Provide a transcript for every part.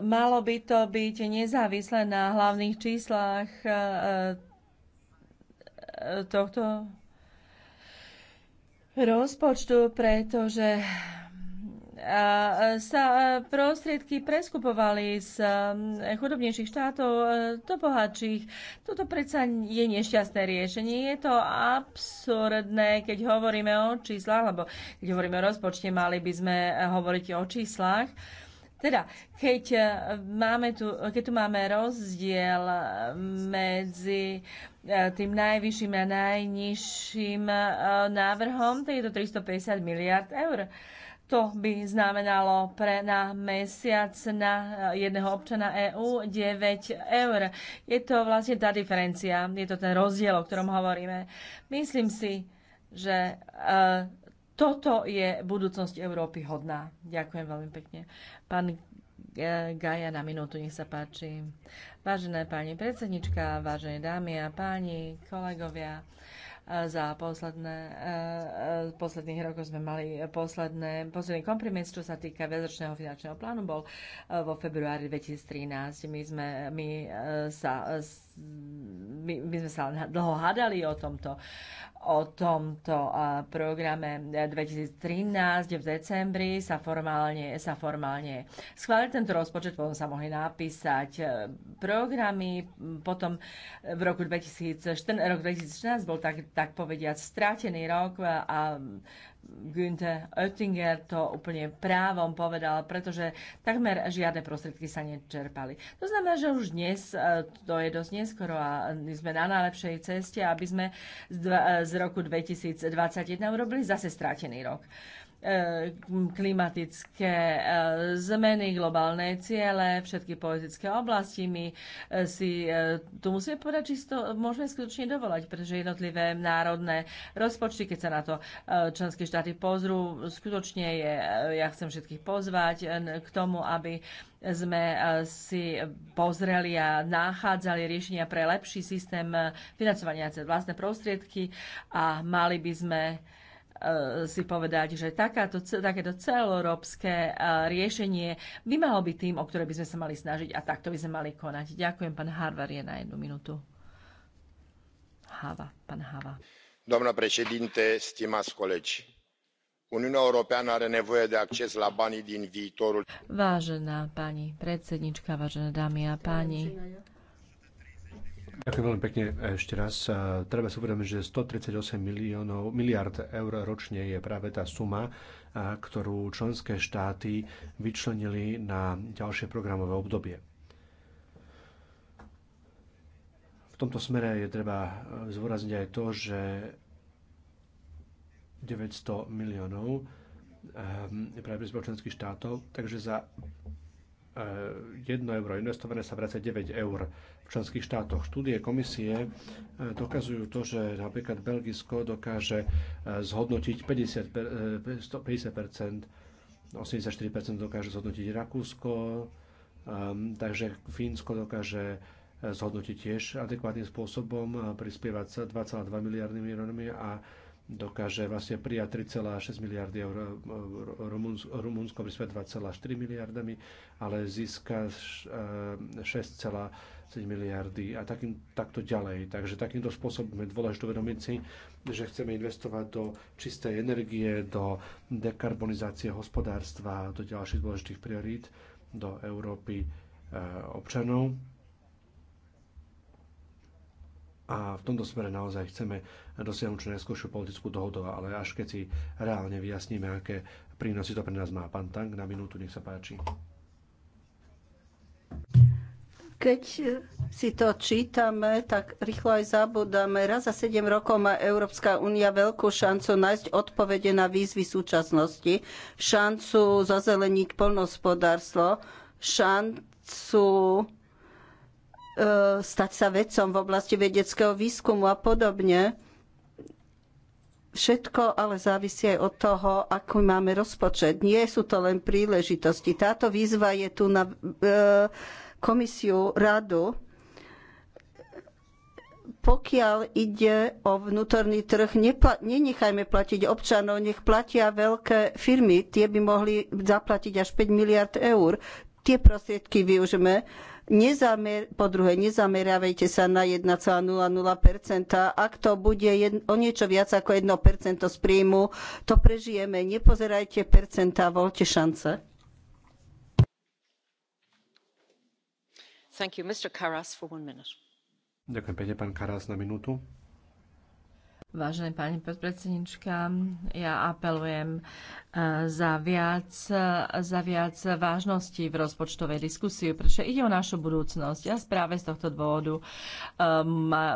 Malo by to byť nezávislé na hlavných číslach e, e, tohto rozpočtu, pretože e, sa prostriedky preskupovali z chudobnejších štátov do bohatších. Toto predsa je nešťastné riešenie. Je to absurdné, keď hovoríme o číslach, lebo keď hovoríme o rozpočte, mali by sme hovoriť o číslach teda, keď, eh, máme tu, keď tu máme rozdiel eh, medzi eh, tým najvyšším a najnižším návrhom, to je to 350 miliard eur. To by znamenalo pre na mesiac na jedného občana EÚ 9 eur. Je to vlastne tá diferencia, je to ten rozdiel, o ktorom hovoríme. Myslím si, že toto je budúcnosť Európy hodná. Ďakujem veľmi pekne. Pán Gaja na minútu, nech sa páči. Vážená pani predsednička, vážené dámy a páni, kolegovia, za posledné, eh, posledných rokov sme mali posledné, posledný kompromis, čo sa týka väzočného finančného plánu, bol eh, vo februári 2013. My sme, my, eh, sa, my, my sme sa dlho hádali o tomto o tomto programe 2013 v decembri sa formálne, sa formálne schválil tento rozpočet, potom sa mohli napísať e, programy, potom v roku 2014, rok 2014 bol tak, tak povediať stratený rok a Günther Oettinger to úplne právom povedal, pretože takmer žiadne prostriedky sa nečerpali. To znamená, že už dnes, e, to je dosť neskoro a my sme na najlepšej ceste, aby sme z, e, roku 2021 urobili zase strátený rok. E, klimatické e, zmeny, globálne ciele, všetky politické oblasti. My e, si tu musíme povedať, či to môžeme skutočne dovolať, pretože jednotlivé národné rozpočty, keď sa na to členské štáty pozrú, skutočne je, ja chcem všetkých pozvať k tomu, aby sme si pozreli a nachádzali riešenia pre lepší systém financovania cez vlastné prostriedky a mali by sme Eh, si povedať, že takáto, takéto celoeurópske eh, riešenie by malo byť tým, o ktoré by sme sa mali snažiť a takto by sme mali konať. Ďakujem, pán Harvar je na jednu minútu. Hava, pán Hava. Domnul președinte, stimați colegi, Uniunea Europeană are nevoie de acces la banii din viitorul... Vážená pani predsednička, vážené dámy a páni, Ďakujem veľmi pekne ešte raz. Treba si uvedomiť, že 138 miliónov, miliard eur ročne je práve tá suma, ktorú členské štáty vyčlenili na ďalšie programové obdobie. V tomto smere je treba zvorazniť aj to, že 900 miliónov ehm, je práve členských štátov, takže za 1 eh, euro investované sa vracia 9 eur v členských štátoch. Štúdie komisie eh, dokazujú to, že napríklad Belgisko dokáže eh, zhodnotiť 50, 50 84 dokáže zhodnotiť Rakúsko, ehm, takže Fínsko dokáže zhodnotiť tiež adekvátnym spôsobom, prispievať 2,2 miliardy miliónmi a dokáže vlastne prijať 3,6 miliardy eur, Rumunsko prispie 2,4 miliardami, ale získa 6,7 e, miliardy a takým, takto ďalej. Takže takýmto spôsobom je dôležité uvedomiť si, že chceme investovať do čistej energie, do dekarbonizácie hospodárstva, do ďalších dôležitých priorít, do Európy e, občanov a v tomto smere naozaj chceme dosiahnuť čo najskôršiu politickú dohodu, ale až keď si reálne vyjasníme, aké prínosy to pre nás má. Pán Tang, na minútu, nech sa páči. Keď si to čítame, tak rýchlo aj zabudáme. Raz za 7 rokov má Európska únia veľkú šancu nájsť odpovede na výzvy súčasnosti, šancu zazeleniť polnospodárstvo, šancu E, stať sa vedcom v oblasti vedeckého výskumu a podobne. Všetko ale závisí aj od toho, aký máme rozpočet. Nie sú to len príležitosti. Táto výzva je tu na e, komisiu, radu, pokiaľ ide o vnútorný trh, nepla- nenechajme platiť občanov, nech platia veľké firmy, tie by mohli zaplatiť až 5 miliard eur. Tie prostriedky využme Nezamer, po druhé, nezameriavajte sa na 1,00%. Ak to bude jedno, o niečo viac ako 1% z príjmu, to prežijeme. Nepozerajte percentá, voľte šance. You, Karas, Ďakujem pekne, pán Karas, na minútu. Vážené pani podpredsednička, ja apelujem eh, za viac, eh, za viac vážnosti v rozpočtovej diskusii, pretože ide o našu budúcnosť a práve z tohto dôvodu eh,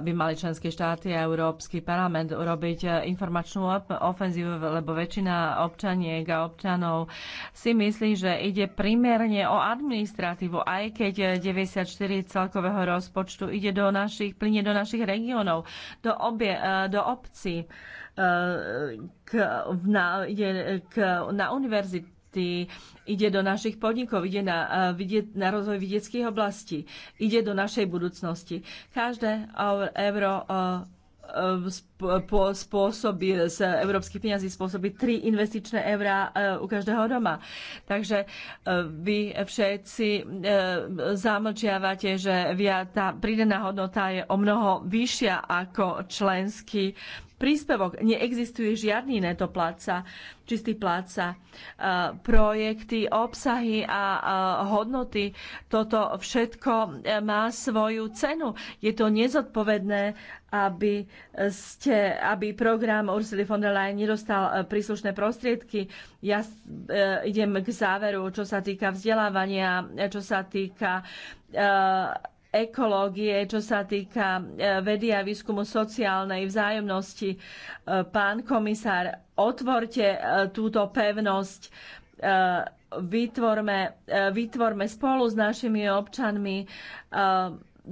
by mali členské štáty a Európsky parlament urobiť informačnú ofenzívu, lebo väčšina občaniek a občanov si myslí, že ide primerne o administratívu, aj keď 94 celkového rozpočtu ide do našich, plyne do našich regiónov, do, obie, do ob obci, eh, k, na, je, k, na univerzity, ide do našich podnikov, ide na, eh, vidie, na rozvoj vidieckých oblastí, ide do našej budúcnosti. Každé euro eh, Ehm, spôsobí, z európskych peniazí spôsobí 3 investičné eurá eh, u každého doma. Takže eh, vy všetci eh, zamlčiavate, že tá prídená hodnota je o mnoho vyššia ako členský príspevok. Neexistuje žiadny neto pláca, čistý pláca. E, projekty, obsahy a hodnoty, toto všetko e, má svoju cenu. Je to nezodpovedné, aby, ste, aby program Ursula von der Leyen nedostal e, príslušné prostriedky. Ja idem k záveru, čo sa týka vzdelávania, čo sa týka ekológie, čo sa týka e, vedy a výskumu sociálnej vzájomnosti. E, pán komisár, otvorte e, túto pevnosť, vytvorme, vytvorme spolu s našimi občanmi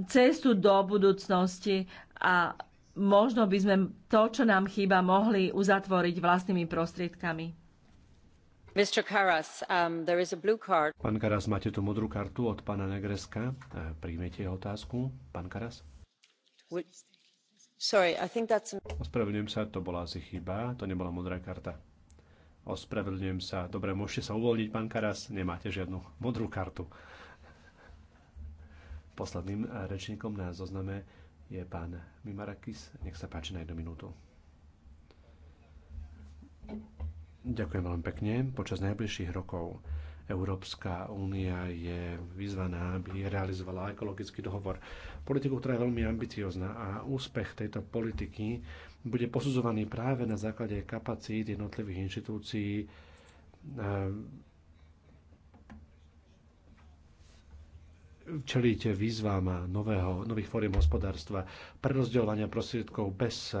cestu do budúcnosti a možno by sme to, čo nám chýba, mohli uzatvoriť vlastnými prostriedkami. Um, pán Karas, máte tu modrú kartu od pána Negreska. Eh, príjmete jeho otázku, pán Karas? Ospravedlňujem sa, to bola asi chyba, to nebola modrá karta. Ospravedlňujem sa. Dobre, môžete sa uvoľniť, pán Karas, nemáte žiadnu modrú kartu. Posledným eh, rečníkom na zozname je pán Mimarakis. Nech sa páči na jednu minútu. Ďakujem veľmi pekne. Počas najbližších rokov Európska únia je vyzvaná, aby realizovala ekologický dohovor. Politiku, ktorá je veľmi ambiciozná a úspech tejto politiky bude posudzovaný práve na základe kapacít jednotlivých inštitúcií ehm, Čelíte výzvama nového, nových fóriem hospodárstva, prerozdeľovania prostriedkov bez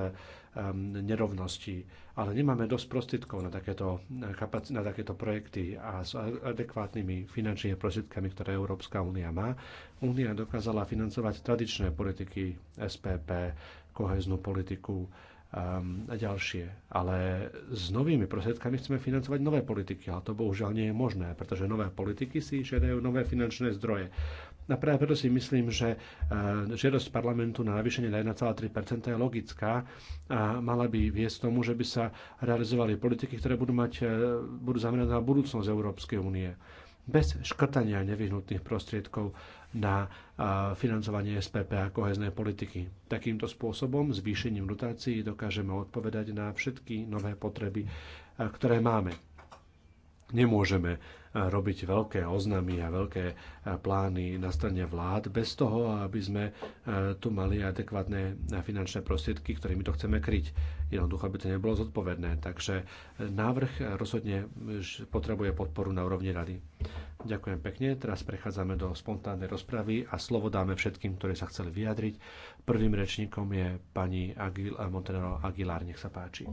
Um, nerovnosti. Ale nemáme dosť prostriedkov na takéto, na takéto projekty a s adekvátnymi finančnými prostriedkami, ktoré Európska únia má. Únia dokázala financovať tradičné politiky SPP, koheznú politiku, um, a ďalšie. Ale s novými prostriedkami chceme financovať nové politiky, ale to bohužiaľ nie je možné, pretože nové politiky si žiadajú nové finančné zdroje. A práve preto si myslím, že e, žiadosť parlamentu na navýšenie na 1,3 je logická a mala by viesť tomu, že by sa realizovali politiky, ktoré budú, mať, e, budú zamerať na budúcnosť Európskej únie bez škrtania nevyhnutných prostriedkov na e, financovanie SPP a koheznej politiky. Takýmto spôsobom, zvýšením dotácií, dokážeme odpovedať na všetky nové potreby, ktoré máme. Nemôžeme robiť veľké oznamy a veľké e, plány na strane vlád bez toho, aby sme e, tu mali adekvátne e, finančné prostriedky, ktorými to chceme kryť. Jednoducho by to nebolo zodpovedné. Takže návrh rozhodne potrebuje podporu na úrovni rady. Ďakujem pekne. Teraz prechádzame do spontánnej rozpravy a slovo dáme všetkým, ktorí sa chceli vyjadriť. Prvým rečníkom je pani Aguil, Montenero Aguilar. Nech sa páči.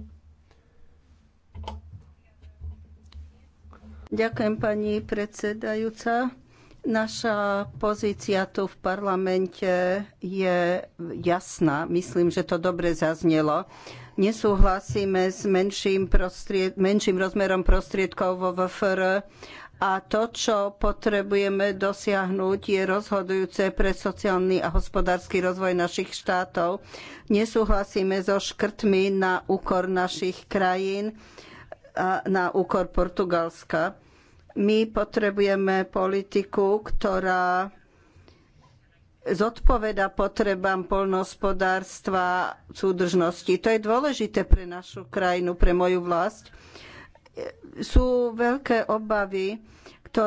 Ďakujem pani predsedajúca. Naša pozícia tu v parlamente je jasná. Myslím, že to dobre zaznelo. Nesúhlasíme s menším, prostried, menším rozmerom prostriedkov vo VFR a to, čo potrebujeme dosiahnuť, je rozhodujúce pre sociálny a hospodársky rozvoj našich štátov. Nesúhlasíme so škrtmi na úkor našich krajín na úkor Portugalska. My potrebujeme politiku, ktorá zodpoveda potrebám poľnohospodárstva, súdržnosti. To je dôležité pre našu krajinu, pre moju vlast. Sú veľké obavy e, e,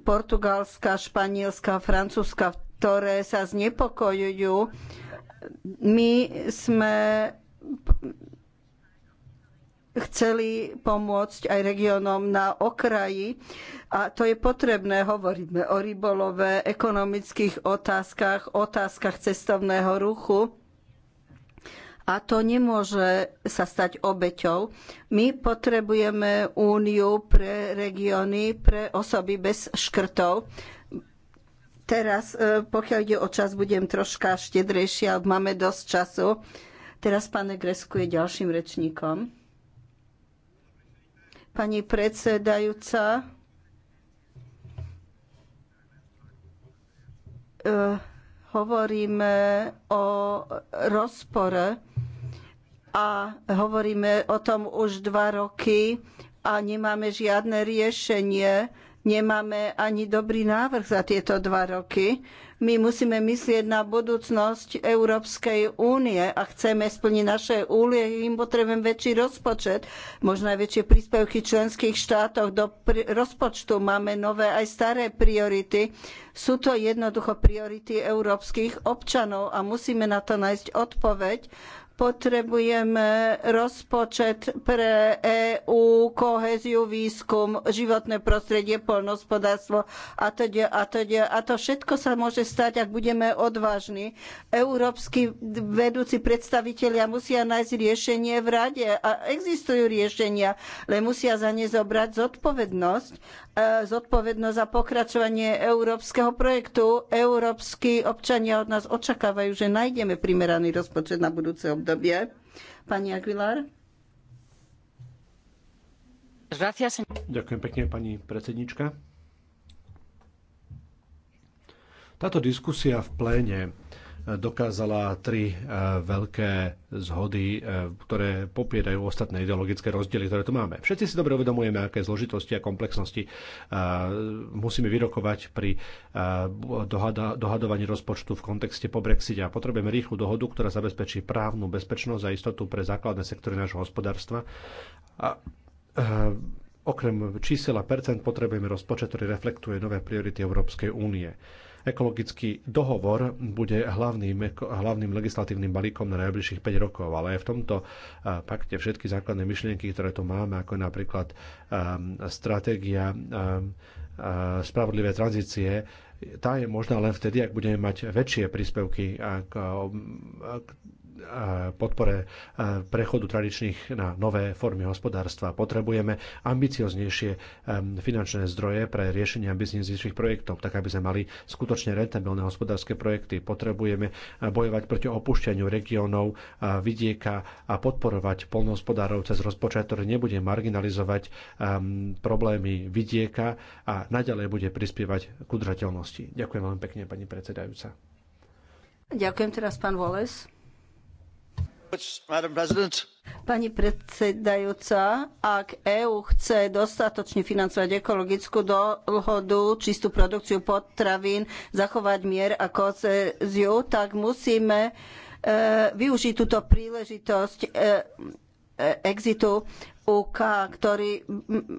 Portugalska, Španielska, Francúzska, ktoré sa znepokojujú. My sme chceli pomôcť aj regiónom na okraji. A to je potrebné, hovoríme o rybolove, ekonomických otázkach, otázkach cestovného ruchu a to nemôže sa stať obeťou. My potrebujeme úniu pre regióny, pre osoby bez škrtov. Teraz, e, pokiaľ ide o čas, budem troška štedrejšia, máme dosť času. Teraz pán Gresku je ďalším rečníkom. Pani predsedajúca, e, hovoríme o rozpore a hovoríme o tom už dva roky a nemáme žiadne riešenie Nemáme ani dobrý návrh za tieto dva roky. My musíme myslieť na budúcnosť Európskej únie a chceme splniť naše úlie, im potrebujem väčší rozpočet, možno aj väčšie príspevky členských štátov do rozpočtu. Máme nové aj staré priority. Sú to jednoducho priority európskych občanov a musíme na to nájsť odpoveď. Potrebujeme rozpočet pre EÚ, kohéziu, výskum, životné prostredie, poľnohospodárstvo a to, a to, a to všetko sa môže stať, ak budeme odvážni. Európski vedúci predstavitelia musia nájsť riešenie v rade a existujú riešenia, len musia za ne zobrať zodpovednosť E, zodpovednosť za pokračovanie európskeho projektu. Európski občania od nás očakávajú, že nájdeme primeraný rozpočet na budúce obdobie. Pani Aguilar? Ďakujem pekne, pani predsednička. Táto diskusia v pléne dokázala tri e, veľké zhody, e, ktoré popierajú ostatné ideologické rozdiely, ktoré tu máme. Všetci si dobre uvedomujeme, aké zložitosti a komplexnosti e, musíme vyrokovať pri dohadovaní rozpočtu v kontexte po Brexite. A potrebujeme rýchlu dohodu, ktorá zabezpečí právnu bezpečnosť a istotu pre základné sektory nášho hospodárstva. A, okrem čísel a percent potrebujeme rozpočet, ktorý reflektuje nové priority Európskej únie. Ekologický dohovor bude hlavným, hlavným legislatívnym balíkom na najbližších 5 rokov, ale aj v tomto pakte všetky základné myšlienky, ktoré tu máme, ako napríklad um, stratégia um, spravodlivé tranzície, tá je možná len vtedy, ak budeme mať väčšie príspevky ako, k podpore prechodu tradičných na nové formy hospodárstva. Potrebujeme ambicioznejšie finančné zdroje pre riešenie ambicioznejších projektov, tak aby sme mali skutočne rentabilné hospodárske projekty. Potrebujeme e, bojovať proti opušťaniu regiónov, e, vidieka a podporovať polnohospodárov cez rozpočet, ktorý nebude marginalizovať problémy vidieka a naďalej bude prispievať k udržateľnosti. Ďakujem veľmi pekne, pani predsedajúca. Ďakujem teraz, pán Voles. Pani predsedajúca, ak EÚ chce dostatočne financovať ekologickú dohodu, čistú produkciu potravín, zachovať mier a kozeziu, tak musíme e, využiť túto príležitosť e, e, exitu UK, ktorý,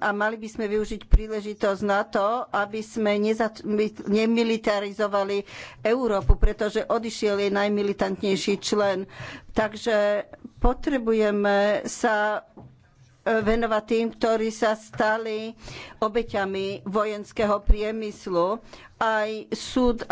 a mali by sme využiť príležitosť na to, aby sme nemilitarizovali Európu, pretože odišiel jej najmilitantnejší člen. Takže potrebujeme sa e, venovať tým, ktorí sa stali obeťami vojenského priemyslu aj súd,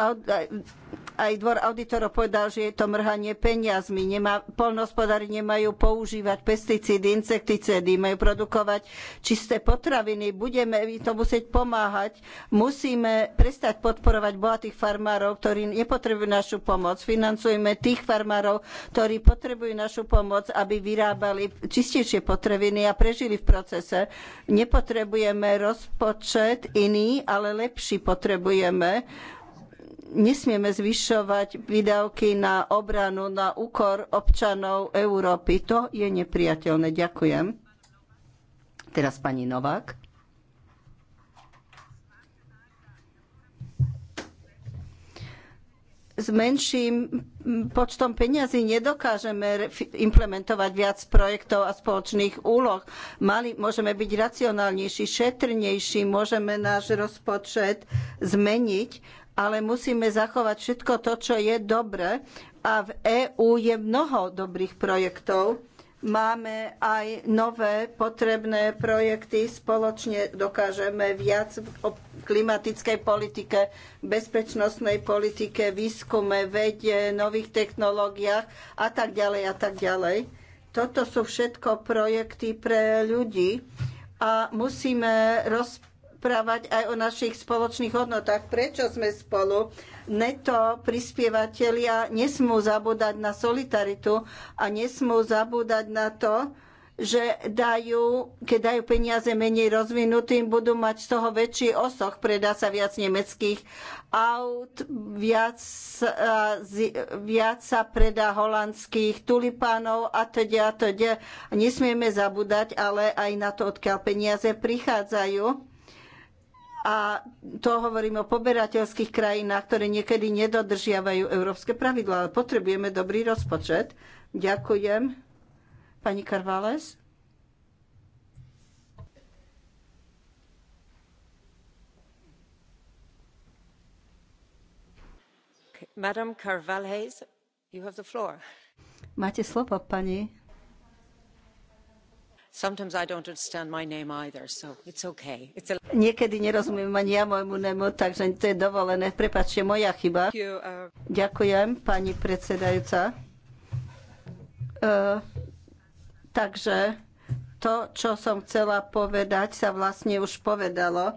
aj, dvor auditorov povedal, že je to mrhanie peniazmi. Nemá, polnospodári nemajú používať pesticídy, insekticídy, majú produkovať čisté potraviny. Budeme to musieť pomáhať. Musíme prestať podporovať bohatých farmárov, ktorí nepotrebujú našu pomoc. Financujme tých farmárov, ktorí potrebujú našu pomoc, aby vyrábali čistejšie potraviny a prežili v procese. Nepotrebujeme rozpočet iný, ale lepší potrebujeme máme. Nesmieme zvyšovať výdavky na obranu na úkor občanov Európy. To je nepriateľné. Ďakujem. Teraz pani Novák. s menším počtom peňazí nedokážeme implementovať viac projektov a spoločných úloh. Mali, môžeme byť racionálnejší, šetrnejší, môžeme náš rozpočet zmeniť, ale musíme zachovať všetko to, čo je dobre. A v EÚ je mnoho dobrých projektov máme aj nové potrebné projekty, spoločne dokážeme viac o klimatickej politike, bezpečnostnej politike, výskume, vede, nových technológiách a tak ďalej a tak ďalej. Toto sú všetko projekty pre ľudí a musíme rozprávať rozprávať aj o našich spoločných hodnotách, prečo sme spolu. Neto prispievateľia nesmú zabúdať na solidaritu a nesmú zabúdať na to, že dajú, keď dajú peniaze menej rozvinutým, budú mať z toho väčší osoch, predá sa viac nemeckých aut, viac, viac sa predá holandských tulipánov a teda a teda. Nesmieme zabúdať ale aj na to, odkiaľ peniaze prichádzajú a to hovorím o poberateľských krajinách, ktoré niekedy nedodržiavajú európske pravidlá, ale potrebujeme dobrý rozpočet. Ďakujem. Pani Karvales? Madame you have the floor. Máte slovo, pani Niekedy nerozumiem ani ja môjmu nemu, takže to je dovolené. Prepačte, moja chyba. Uh, Ďakujem, pani predsedajúca. E, takže to, čo som chcela povedať, sa vlastne už povedalo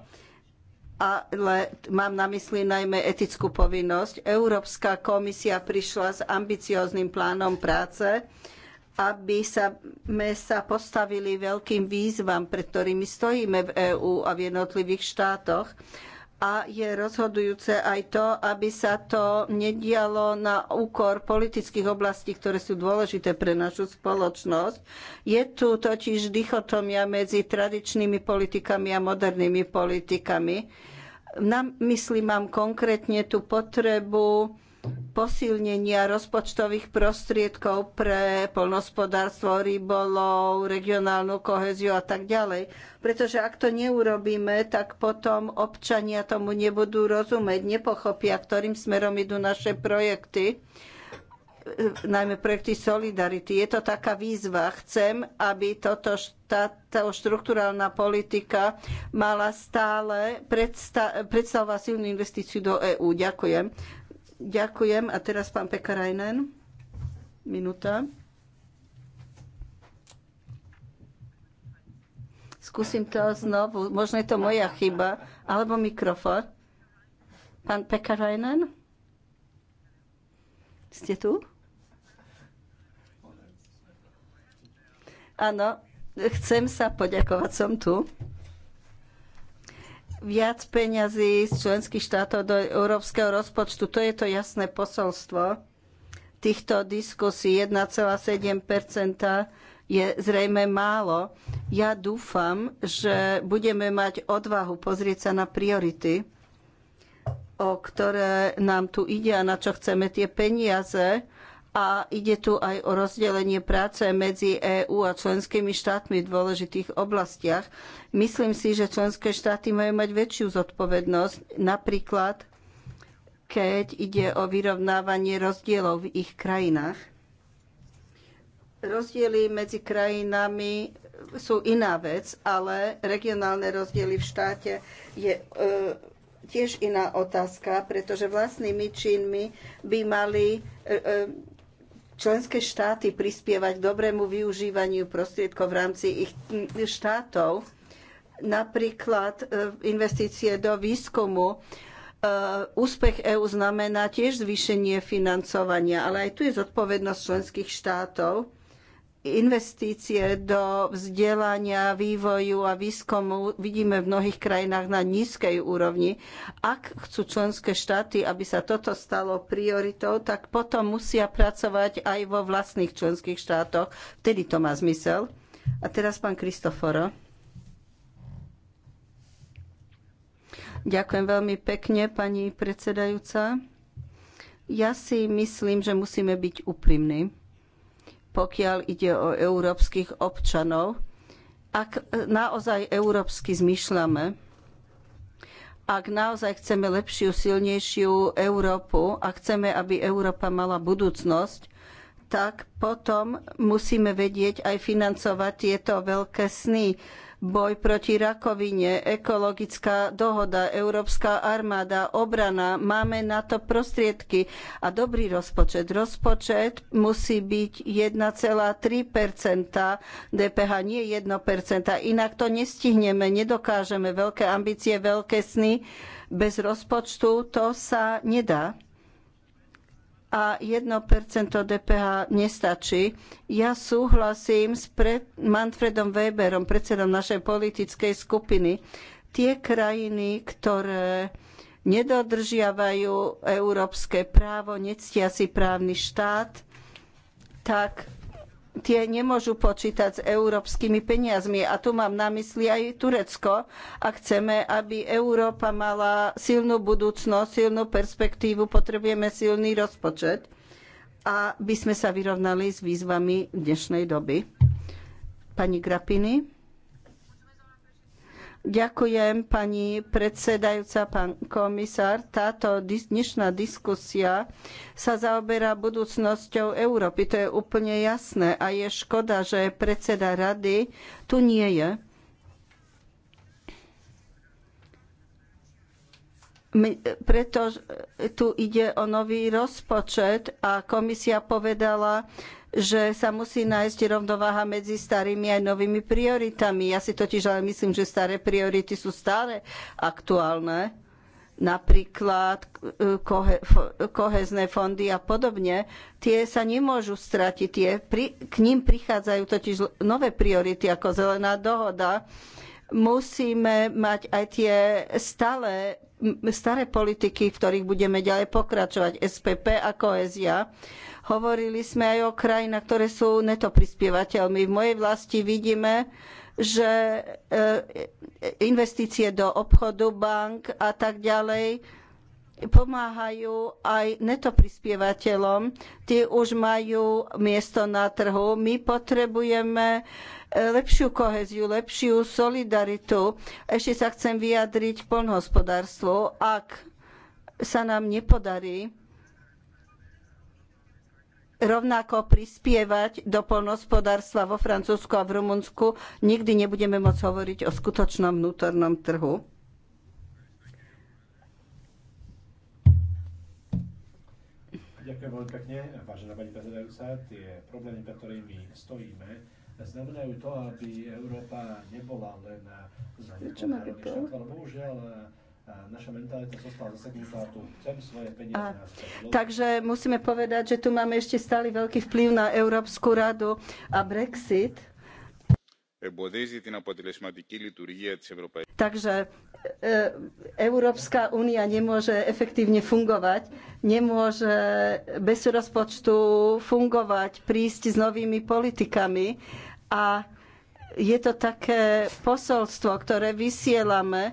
ale mám na mysli najmä etickú povinnosť. Európska komisia prišla s ambicióznym plánom práce, aby sa, sme sa postavili veľkým výzvam, pred ktorými stojíme v EÚ a v jednotlivých štátoch. A je rozhodujúce aj to, aby sa to nedialo na úkor politických oblastí, ktoré sú dôležité pre našu spoločnosť. Je tu totiž dichotomia medzi tradičnými politikami a modernými politikami. Na mysli mám konkrétne tú potrebu posilnenia rozpočtových prostriedkov pre poľnohospodárstvo, rybolov, regionálnu kohéziu a tak ďalej. Pretože ak to neurobíme, tak potom občania tomu nebudú rozumieť, nepochopia, ktorým smerom idú naše projekty najmä projekty Solidarity. Je to taká výzva. Chcem, aby toto, táto štrukturálna politika mala stále predstavovať silnú investíciu do EÚ. Ďakujem. Ďakujem. A teraz pán Pekarajnen. Minúta. Skúsim to znovu. Možno je to moja chyba. Alebo mikrofón. Pán Pekarajnen? Ste tu? Áno, chcem sa poďakovať, som tu viac peňazí z členských štátov do európskeho rozpočtu. To je to jasné posolstvo týchto diskusí. 1,7 je zrejme málo. Ja dúfam, že budeme mať odvahu pozrieť sa na priority, o ktoré nám tu ide a na čo chceme tie peniaze a ide tu aj o rozdelenie práce medzi EÚ a členskými štátmi v dôležitých oblastiach. Myslím si, že členské štáty majú mať väčšiu zodpovednosť, napríklad keď ide o vyrovnávanie rozdielov v ich krajinách. Rozdiely medzi krajinami sú iná vec, ale regionálne rozdiely v štáte je e, tiež iná otázka, pretože vlastnými činmi by mali e, e členské štáty prispievať k dobrému využívaniu prostriedkov v rámci ich štátov, napríklad e, investície do výskumu. E, úspech EÚ znamená tiež zvýšenie financovania, ale aj tu je zodpovednosť členských štátov Investície do vzdelania, vývoju a výskumu vidíme v mnohých krajinách na nízkej úrovni. Ak chcú členské štáty, aby sa toto stalo prioritou, tak potom musia pracovať aj vo vlastných členských štátoch. Vtedy to má zmysel. A teraz pán Kristoforo. Ďakujem veľmi pekne, pani predsedajúca. Ja si myslím, že musíme byť úprimní pokiaľ ide o európskych občanov, ak naozaj európsky zmyšľame, ak naozaj chceme lepšiu, silnejšiu Európu a chceme, aby Európa mala budúcnosť, tak potom musíme vedieť aj financovať tieto veľké sny, boj proti rakovine, ekologická dohoda, európska armáda, obrana. Máme na to prostriedky a dobrý rozpočet. Rozpočet musí byť 1,3 DPH, nie 1 Inak to nestihneme, nedokážeme veľké ambície, veľké sny. Bez rozpočtu to sa nedá a 1% DPH nestačí. Ja súhlasím s pre Manfredom Weberom, predsedom našej politickej skupiny. Tie krajiny, ktoré nedodržiavajú európske právo, nectia si právny štát, tak tie nemôžu počítať s európskymi peniazmi. A tu mám na mysli aj Turecko. A chceme, aby Európa mala silnú budúcnosť, silnú perspektívu, potrebujeme silný rozpočet. A by sme sa vyrovnali s výzvami dnešnej doby. Pani Grapini. Ďakujem, pani predsedajúca, pán komisár. Táto dnešná diskusia sa zaoberá budúcnosťou Európy. To je úplne jasné a je škoda, že predseda rady tu nie je. Preto tu ide o nový rozpočet a komisia povedala, že sa musí nájsť rovnováha medzi starými aj novými prioritami. Ja si totiž ale myslím, že staré priority sú stále aktuálne napríklad e, kohe, kohezné fondy a podobne, tie sa nemôžu stratiť. Tie, pri, k ním prichádzajú totiž nové priority ako zelená dohoda. Musíme mať aj tie stále, staré politiky, v ktorých budeme ďalej pokračovať, SPP a kohézia. Hovorili sme aj o krajinách, ktoré sú netoprispievateľmi. V mojej vlasti vidíme, že e, investície do obchodu, bank a tak ďalej pomáhajú aj netoprispievateľom. Tí už majú miesto na trhu. My potrebujeme e, lepšiu kohéziu, lepšiu solidaritu. Ešte sa chcem vyjadriť k poľnohospodárstvu. Ak sa nám nepodarí rovnako prispievať do poľnohospodárstva vo Francúzsku a v Rumunsku, nikdy nebudeme môcť hovoriť o skutočnom vnútornom trhu. Ďakujem veľmi pekne, vážená pani predsedajúca. Tie problémy, pre ktorými stojíme, znamenajú to, aby Európa nebola len zaneponárodný štát, ale bohužiaľ naša mentalita zostala zaseknutá tu. Chcem svoje peniaze. A, takže musíme povedať, že tu máme ešte stály veľký vplyv na Európsku radu a Brexit. Takže Európska únia nemôže efektívne fungovať, nemôže bez rozpočtu fungovať, prísť s novými politikami a je to také posolstvo, ktoré vysielame,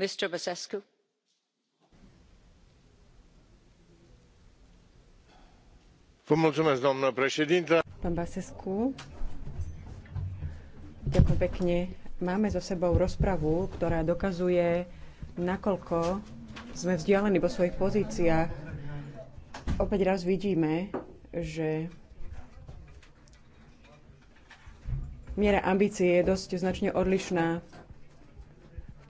pani predsedajúca pán basescu ďakujem pekne. máme za sebou rozpravu ktorá dokazuje nakoľko sme vzdialení vo svojich pozíciách. opäť raz vidíme že miera ambície je dosť značne odlišná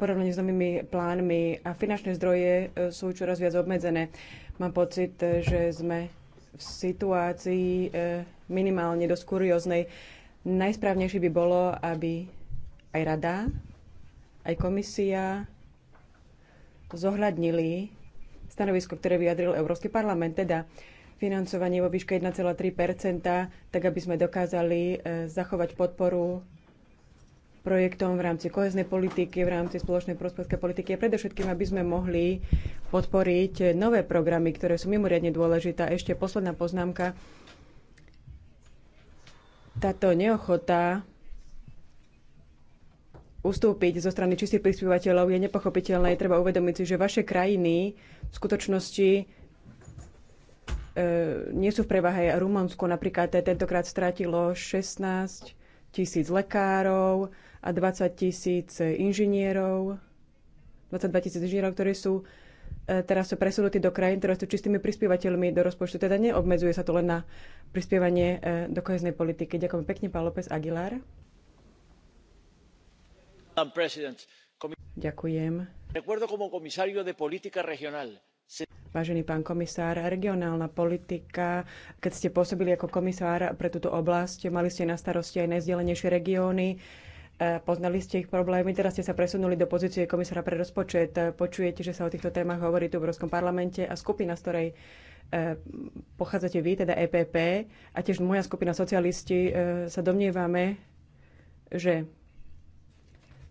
porovnaní s novými plánmi a finančné zdroje e, sú čoraz viac obmedzené. Mám pocit, e, že sme v situácii e, minimálne dosť kurióznej. Najsprávnejšie by bolo, aby aj rada, aj komisia zohľadnili stanovisko, ktoré vyjadril Európsky parlament, teda financovanie vo výške 1,3 tak aby sme dokázali zachovať podporu projektom v rámci koheznej politiky, v rámci spoločnej prospodskej politiky a predovšetkým, aby sme mohli podporiť nové programy, ktoré sú mimoriadne dôležité. ešte posledná poznámka. Táto neochota ustúpiť zo strany čistých prispievateľov je nepochopiteľné. Je treba uvedomiť si, že vaše krajiny v skutočnosti e, nie sú v prevahe. Rumunsko napríklad tentokrát strátilo 16 tisíc lekárov a 20 tisíc inžinierov, 22 tisíc inžinierov, ktorí sú e, teraz sú presunutí do krajín, ktoré sú čistými prispievateľmi do rozpočtu. Teda neobmedzuje sa to len na prispievanie e, do koheznej politiky. Ďakujem pekne, pán López Aguilar. Ďakujem. Vážený pán komisár, regionálna politika, keď ste pôsobili ako komisár pre túto oblasť, mali ste na starosti aj najzdelenejšie regióny, e, poznali ste ich problémy, teraz ste sa presunuli do pozície komisára pre rozpočet. Počujete, že sa o týchto témach hovorí tu v Európskom parlamente a skupina, z ktorej e, pochádzate vy, teda EPP, a tiež moja skupina socialisti, e, sa domnievame, že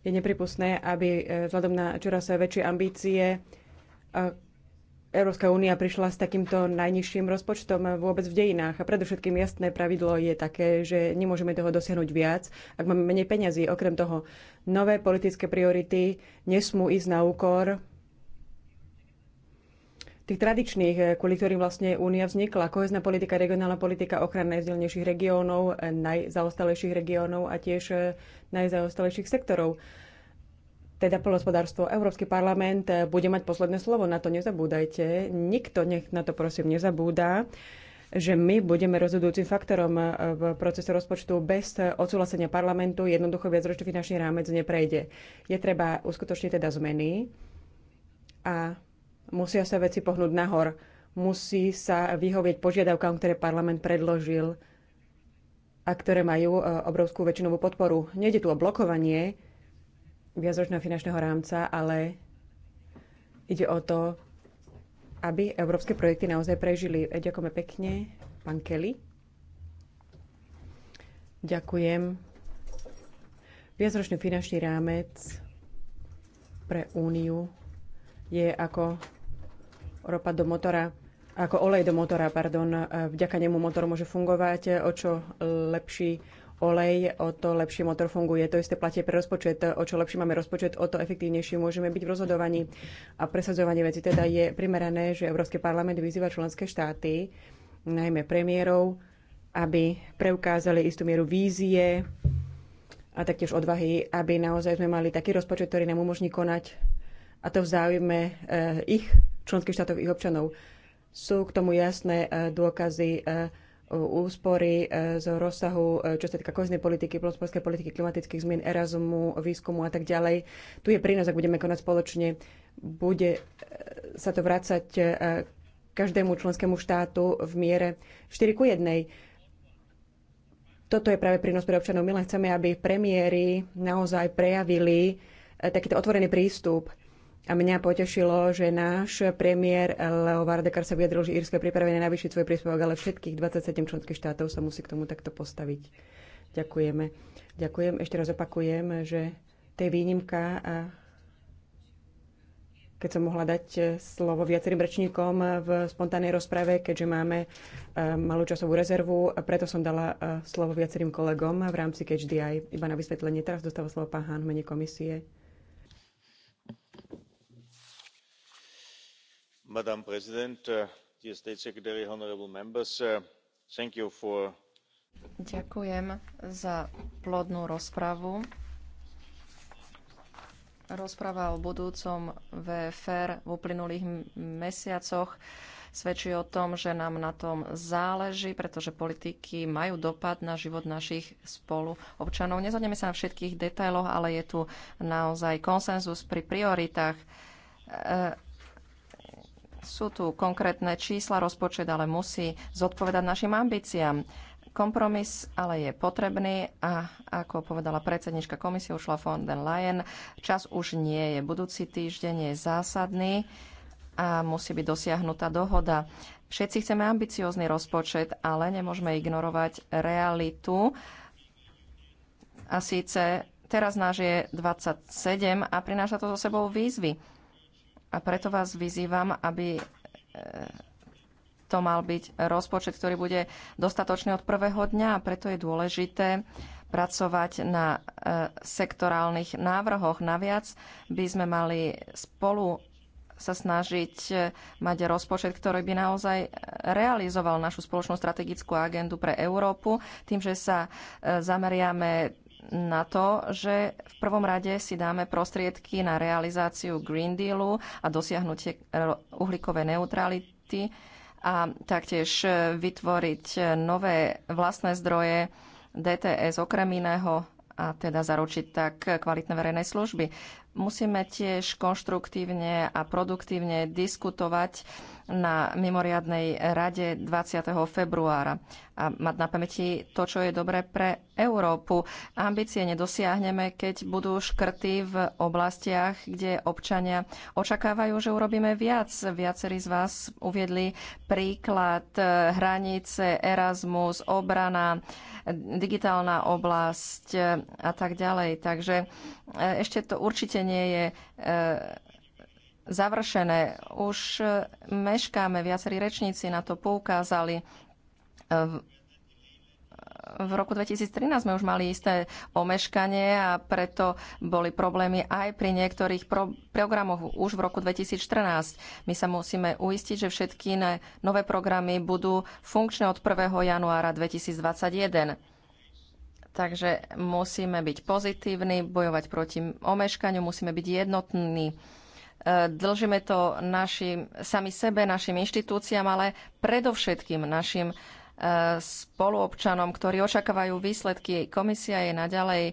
je nepripustné, aby vzhľadom na čoraz väčšie ambície Európska únia prišla s takýmto najnižším rozpočtom vôbec v dejinách. A predovšetkým jasné pravidlo je také, že nemôžeme toho dosiahnuť viac, ak máme menej peňazí. Okrem toho, nové politické priority nesmú ísť na úkor tých tradičných, kvôli ktorým vlastne únia vznikla. Kohezná politika, regionálna politika, ochrana najzdelnejších regiónov, najzaostalejších regiónov a tiež eh, najzaostalejších sektorov teda polospodárstvo. Európsky parlament e, bude mať posledné slovo, na to nezabúdajte. Nikto nech na to prosím nezabúda že my budeme rozhodujúcim faktorom e, v procese rozpočtu bez e, odsúhlasenia parlamentu jednoducho viacročný finančný rámec neprejde. Je treba uskutočniť teda zmeny a musia sa veci pohnúť nahor. Musí sa vyhovieť požiadavkám, ktoré parlament predložil a ktoré majú obrovskú väčšinovú podporu. Nejde tu o blokovanie, viacročného finančného rámca, ale ide o to, aby európske projekty naozaj prežili. E, ďakujeme pekne, pán Kelly. Ďakujem. Viacročný finančný rámec pre Úniu je ako ropa do motora, ako olej do motora, pardon. E, vďaka nemu motor môže fungovať e, o čo lepší olej, o to lepšie motor funguje. To isté platie pre rozpočet. O čo lepší máme rozpočet, o to efektívnejšie môžeme byť v rozhodovaní a presadzovaní veci. Teda je primerané, že Európsky parlament vyzýva členské štáty, najmä premiérov, aby preukázali istú mieru vízie a taktiež odvahy, aby naozaj sme mali taký rozpočet, ktorý nám umožní konať a to v záujme eh, ich členských štátov, ich občanov. Sú k tomu jasné eh, dôkazy eh, úspory e, z rozsahu, e, čo sa týka koznej politiky, plospodárskej politiky, klimatických zmien, Erasmu, výskumu a tak ďalej. Tu je prínos, ak budeme konať spoločne, bude e, sa to vrácať každému členskému štátu v miere 4 ku 1. Toto je práve prínos pre občanov. My len chceme, aby premiéry naozaj prejavili takýto otvorený prístup a mňa potešilo, že náš premiér Leo Vardekar sa vyjadril, že Írsko je pripravené navýšiť svoj príspevok, ale všetkých 27 členských štátov sa musí k tomu takto postaviť. Ďakujeme. Ďakujem. Ešte raz opakujem, že to je výnimka a keď som mohla dať eh, slovo viacerým rečníkom eh, v spontánnej rozprave, keďže máme eh, malú časovú rezervu, a preto som dala slovo viacerým kolegom v rámci KDI Iba na vysvetlenie. Teraz dostáva slovo pán Hán v mene komisie. madam president uh, dear state secretary honourable members uh, thank you for. ďakujem za plodnú rozpravu. Rozprava o budúcom VFR v uplynulých mesiacoch svedčí o tom, že nám na tom záleží, pretože politiky majú dopad na život našich spoluobčanov. Nezhodneme sa na všetkých detailoch, ale je tu naozaj konsenzus pri prioritách. E, sú tu konkrétne čísla, rozpočet ale musí zodpovedať našim ambíciám. Kompromis ale je potrebný a ako povedala predsednička komisie Ursula von den Leyen, čas už nie je. Budúci týždeň je zásadný a musí byť dosiahnutá dohoda. Všetci chceme ambiciózny rozpočet, ale nemôžeme ignorovať realitu. A síce teraz náš je 27 a prináša to so sebou výzvy a preto vás vyzývam, aby e, to mal byť rozpočet, ktorý bude dostatočný od prvého dňa a preto je dôležité pracovať na e, sektorálnych návrhoch. Naviac by sme mali spolu sa snažiť e, mať rozpočet, ktorý by naozaj realizoval našu spoločnú strategickú agendu pre Európu, tým, že sa zameriame na to, že v prvom rade si dáme prostriedky na realizáciu Green Dealu a dosiahnutie uhlíkovej neutrality a taktiež vytvoriť nové vlastné zdroje DTS okrem iného a teda zaručiť tak kvalitné verejné služby. Musíme tiež konštruktívne a produktívne diskutovať na mimoriadnej rade 20. februára a mať na pamäti to, čo je dobré pre Európu. Ambície nedosiahneme, keď budú škrty v oblastiach, kde občania očakávajú, že urobíme viac. Viacerí z vás uviedli príklad eh, hranice, Erasmus, obrana, digitálna oblasť eh, a tak ďalej. Takže eh, ešte to určite ešte je e, završené. Už e, meškáme, viacerí rečníci na to poukázali. E, v roku 2013 sme už mali isté omeškanie a preto boli problémy aj pri niektorých pro- programoch už v roku 2014. My sa musíme uistiť, že všetky nové programy budú funkčné od 1. januára 2021 Takže musíme byť pozitívni, bojovať proti omeškaniu, musíme byť jednotní. E, dlžíme to našim, sami sebe, našim inštitúciám, ale predovšetkým našim e, spoluobčanom, ktorí očakávajú výsledky. Komisia je naďalej,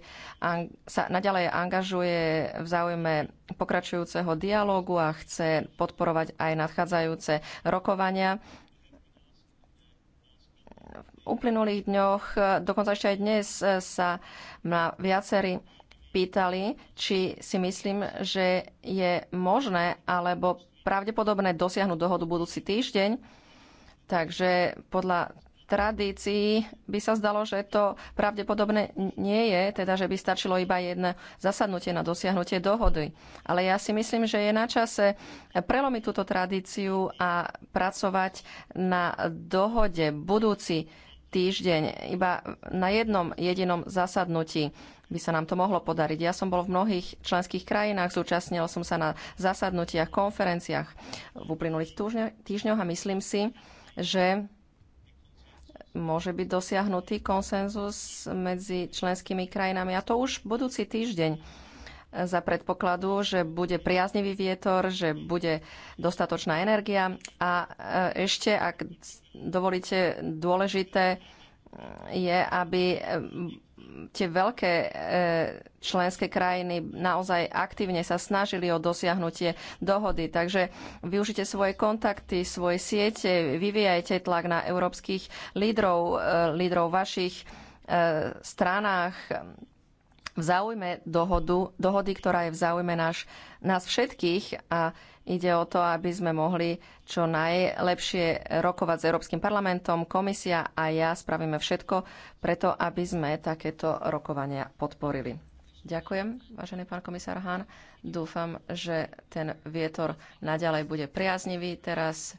sa naďalej angažuje v záujme pokračujúceho dialógu a chce podporovať aj nadchádzajúce rokovania uplynulých dňoch, e, dokonca ešte aj dnes e, sa ma viacerí pýtali, či si myslím, že je možné alebo pravdepodobné dosiahnuť dohodu budúci týždeň. Takže podľa tradícií by sa zdalo, že to pravdepodobné nie je, teda že by stačilo iba jedno zasadnutie na dosiahnutie dohody. Ale ja si myslím, že je na čase prelomiť túto tradíciu a pracovať na dohode budúci týždeň. Iba na jednom jedinom zasadnutí by sa nám to mohlo podariť. Ja som bol v mnohých členských krajinách, zúčastnil som sa na zasadnutiach, konferenciách v uplynulých týždňoch a myslím si, že môže byť dosiahnutý konsenzus medzi členskými krajinami. A to už budúci týždeň za predpokladu, že bude priaznivý vietor, že bude dostatočná energia a e, ešte, ak dovolíte, dôležité je, aby tie veľké e, členské krajiny naozaj aktívne sa snažili o dosiahnutie dohody. Takže využite svoje kontakty, svoje siete, vyvíjajte tlak na európskych lídrov, e, lídrov vašich e, stranách v záujme dohodu, dohody, ktorá je v záujme náš, nás všetkých a Ide o to, aby sme mohli čo najlepšie rokovať s Európskym parlamentom. Komisia a ja spravíme všetko preto, aby sme takéto rokovania podporili. Ďakujem, vážený pán komisár Hahn. Dúfam, že ten vietor naďalej bude priaznivý. Teraz e,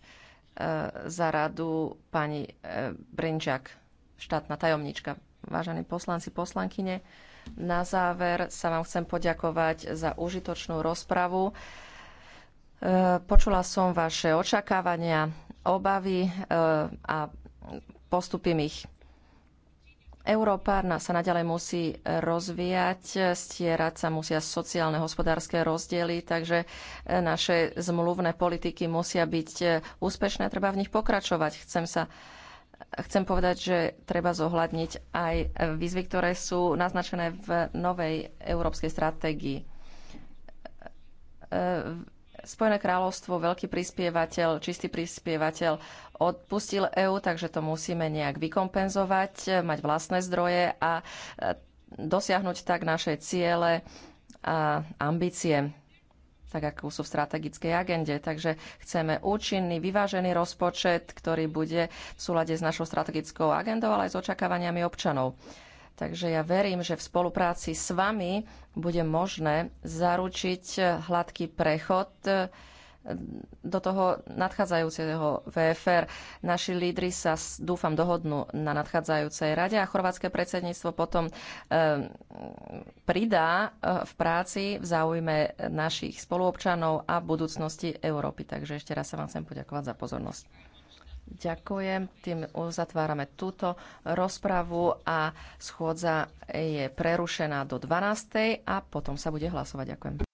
za radu pani e, Brinčak, štátna tajomnička. Vážení poslanci, poslankyne, na záver sa vám chcem poďakovať za užitočnú rozpravu. Eh, počula som vaše očakávania, obavy eh, a postupím ich. Európa sa naďalej musí rozvíjať, stierať sa musia sociálne, hospodárske rozdiely, takže eh, naše zmluvné politiky musia byť úspešné a treba v nich pokračovať. Chcem sa Chcem povedať, že treba zohľadniť aj výzvy, ktoré sú naznačené v novej európskej stratégii Spojené kráľovstvo, veľký prispievateľ, čistý prispievateľ, odpustil EÚ, takže to musíme nejak vykompenzovať, mať vlastné zdroje a e, dosiahnuť tak naše ciele a ambície tak ako sú v strategickej agende. Takže chceme účinný, vyvážený rozpočet, ktorý bude v súlade s našou strategickou agendou, ale aj s očakávaniami občanov. Takže ja verím, že v spolupráci s vami bude možné zaručiť hladký prechod e, do toho nadchádzajúceho VFR. Naši lídry sa, dúfam, dohodnú na nadchádzajúcej rade a chorvátske predsedníctvo potom e, pridá e, v práci v záujme našich spoluobčanov a budúcnosti Európy. Takže ešte raz sa vám chcem poďakovať za pozornosť. Ďakujem, tým uzatvárame túto rozpravu a schôdza je prerušená do 12. a potom sa bude hlasovať. Ďakujem.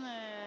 kan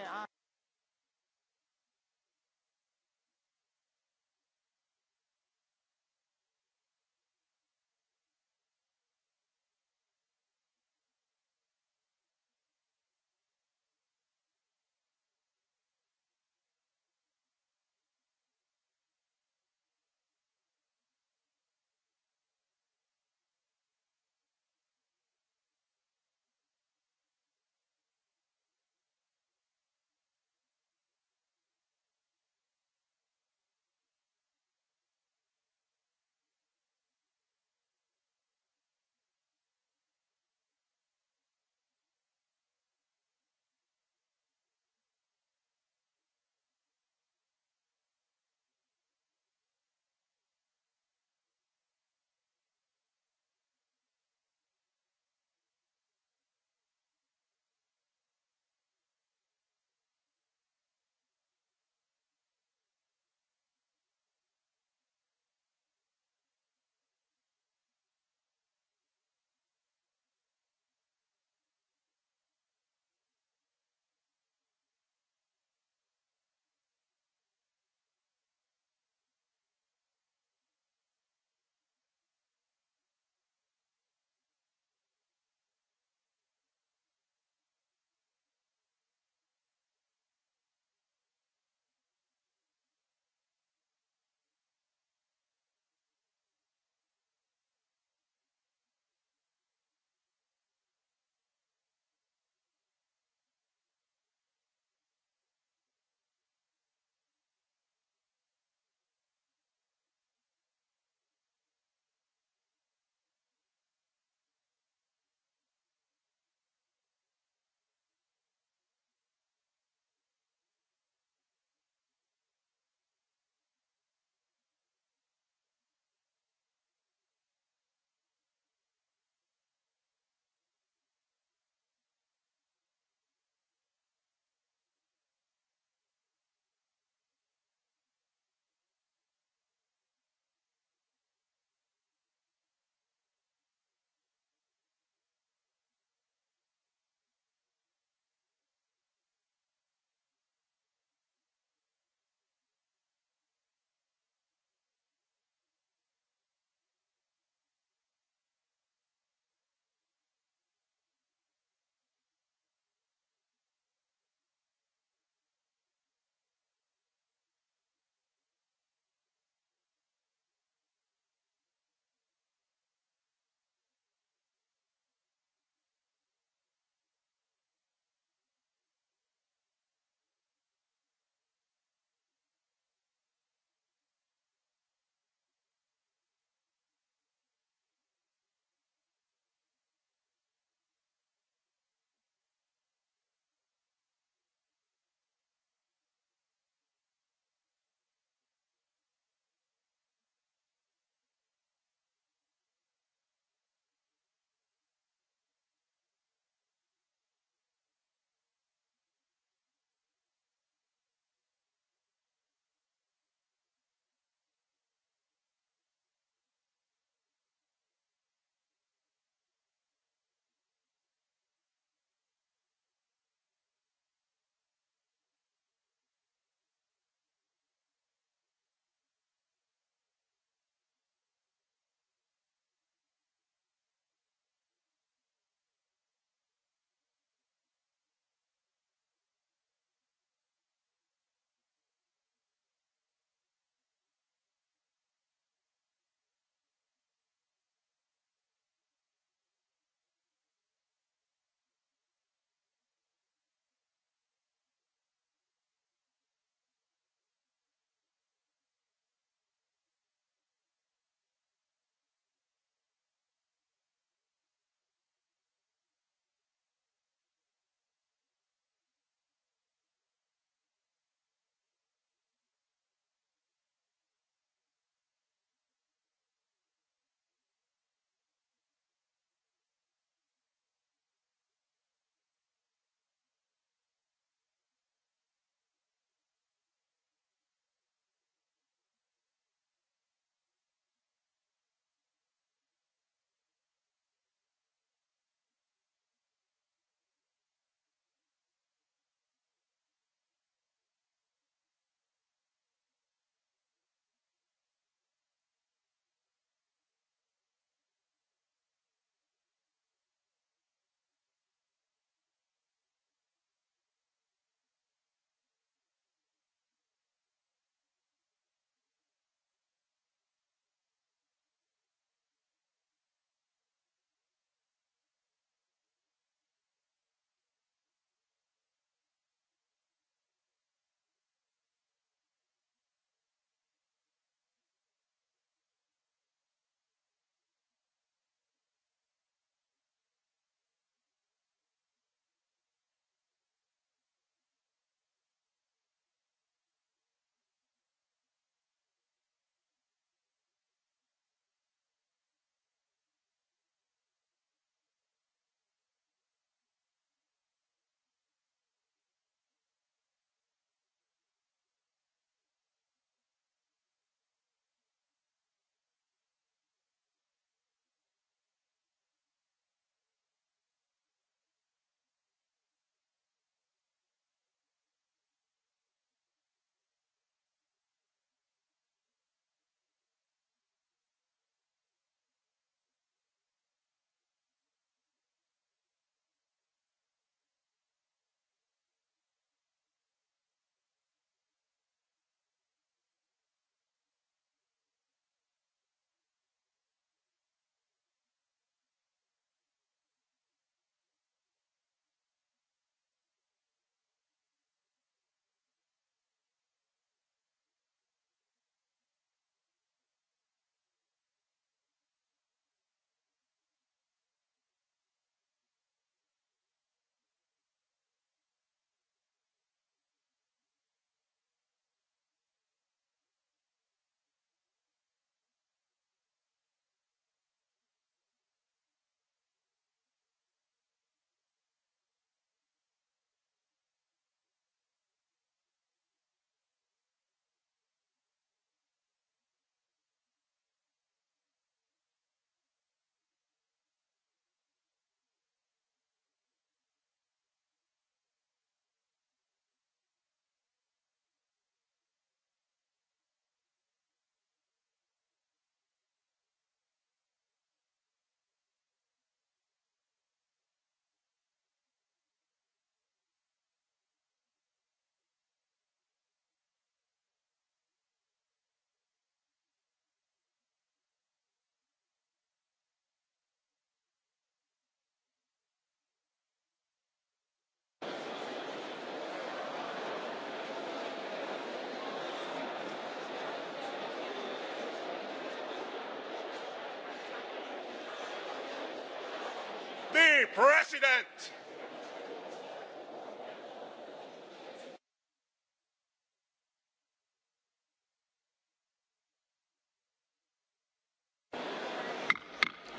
Mr. President!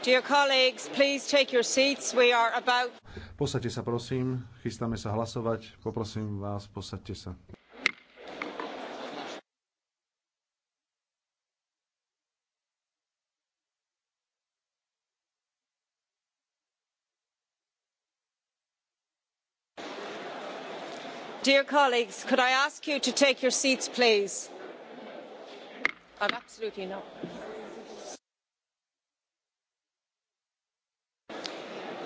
Dear colleagues, please take your seats. We are about... Posaďte sa prosím, chystáme sa hlasovať. Poprosím vás, posaďte sa. colleagues could i ask you to take your seats please? i absolutely no.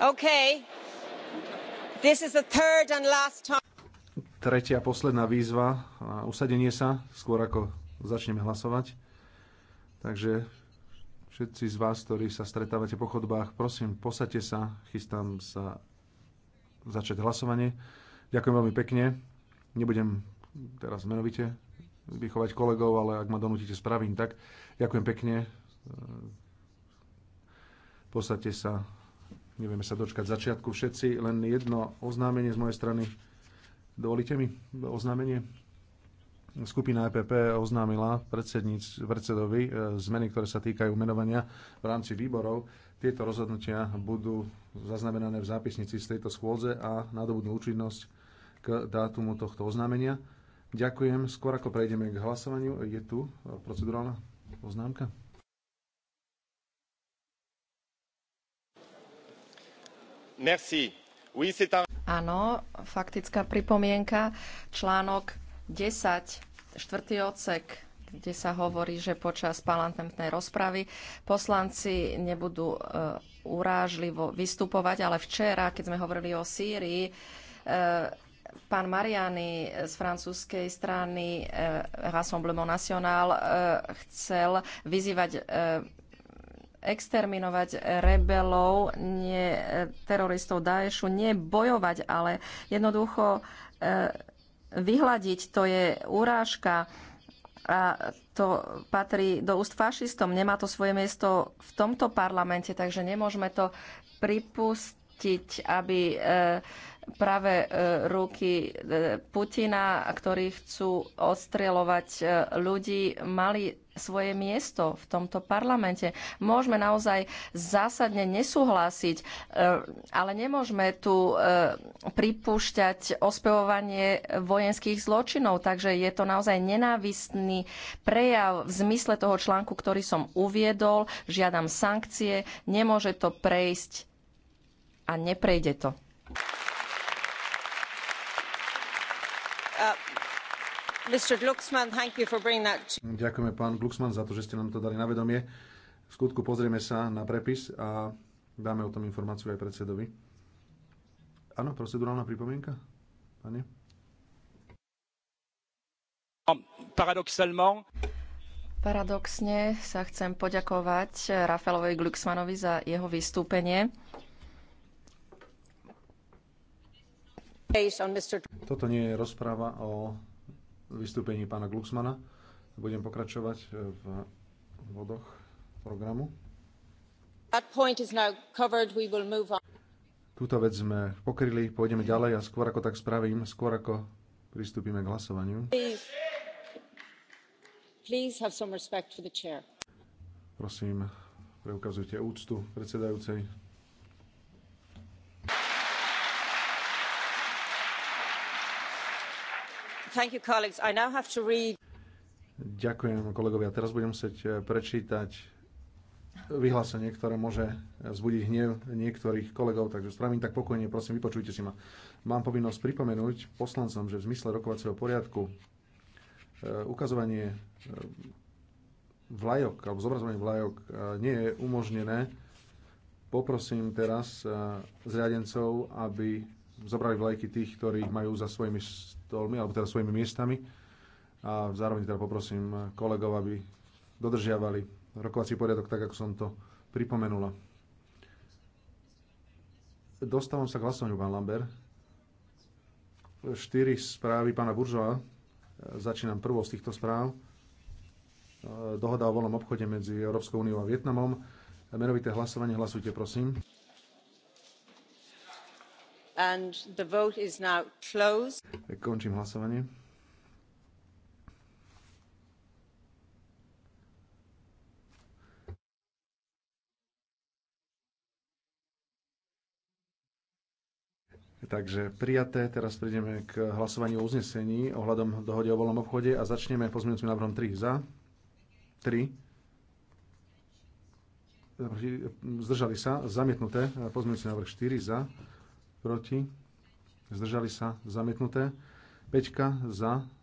okay this is the third and last time. tretia posledná výzva na usadenie sa skôr ako začneme hlasovať. Takže všetci z vás, ktorí sa stretávate po chodbách, prosím, posaďte sa, chystám sa začať hlasovanie. Ďakujem veľmi pekne. Nebudem teraz menovite vychovať kolegov, ale ak ma donútite, spravím tak. Ďakujem pekne. V e, podstate sa nevieme sa dočkať začiatku všetci. Len jedno oznámenie z mojej strany. Dovolíte mi oznámenie? Skupina EPP oznámila predsedovi e, zmeny, ktoré sa týkajú menovania v rámci výborov. Tieto rozhodnutia budú zaznamenané v zápisnici z tejto schôdze a nadobudnú účinnosť k dátumu tohto oznámenia. Ďakujem. Skôr ako prejdeme k hlasovaniu, je tu procedurálna poznámka. Merci. Oui, c'est un... Áno, faktická pripomienka. Článok 10, štvrtý odsek, kde sa hovorí, že počas parlamentnej rozpravy poslanci nebudú e, urážlivo vystupovať, ale včera, keď sme hovorili o Sýrii, e, pán Mariani z francúzskej strany eh, Rassemblement National eh, chcel vyzývať eh, exterminovať rebelov, nie teroristov Daešu, nie bojovať, ale jednoducho vyhľadiť, to je urážka a to patrí do úst fašistom. Nemá to svoje miesto v tomto parlamente, takže nemôžeme to pripustiť, aby e, práve ruky e, Putina, ktorí chcú ostrelovať e, ľudí, mali svoje miesto v tomto parlamente. Môžeme naozaj zásadne nesúhlasiť, e, ale nemôžeme tu pripúšťať ospevovanie vojenských zločinov, takže je to naozaj nenávistný prejav v zmysle toho článku, ktorý som uviedol. Žiadam sankcie, nemôže to prejsť a neprejde to. Ďakujeme, pán Glucksmann, za to, že ste nám to dali na vedomie. V skutku pozrieme sa na prepis a dáme o tom informáciu aj predsedovi. Áno, procedurálna pripomienka? Pane? Paradoxálne. Paradoxne sa chcem poďakovať Rafaelovi Glucksmanovi za jeho vystúpenie. Toto nie je rozpráva o vystúpení pána Glucksmana. Budem pokračovať e, v vodoch programu. Túto vec sme pokryli, pôjdeme ďalej a skôr ako tak spravím, skôr ako pristúpime k hlasovaniu. Please. Please Prosím, preukazujte úctu predsedajúcej. Ďakujem, kolegovia. Teraz budem musieť eh, prečítať vyhlásenie, ktoré môže vzbudiť hnev niektorých kolegov, takže spravím tak pokojne, prosím, vypočujte si ma. Mám povinnosť pripomenúť poslancom, že v zmysle rokovacieho poriadku eh, ukazovanie eh, vlajok alebo zobrazovanie vlajok nie je umožnené. Poprosím teraz zriadencov, aby zobrali vlajky tých, ktorí majú za svojimi stolmi, alebo teda svojimi miestami. A zároveň teda poprosím kolegov, aby dodržiavali rokovací poriadok, tak ako som to pripomenula. Dostávam sa k hlasovaniu, pán Lambert. Štyri správy pána Buržova. Začínam prvou z týchto správ. Dohoda o voľnom obchode medzi Európskou úniou a Vietnamom. Menovité hlasovanie, hlasujte prosím and the vote is now closed. Končím hlasovanie. Takže prijaté, teraz prejdeme k hlasovaniu o uznesení ohľadom dohode o voľnom obchode a začneme pozmeňujúcim návrhom 3 za. 3. Zdržali sa, zamietnuté, pozmeňujúci návrh 4 za proti, zdržali sa, zamietnuté. Peťka za,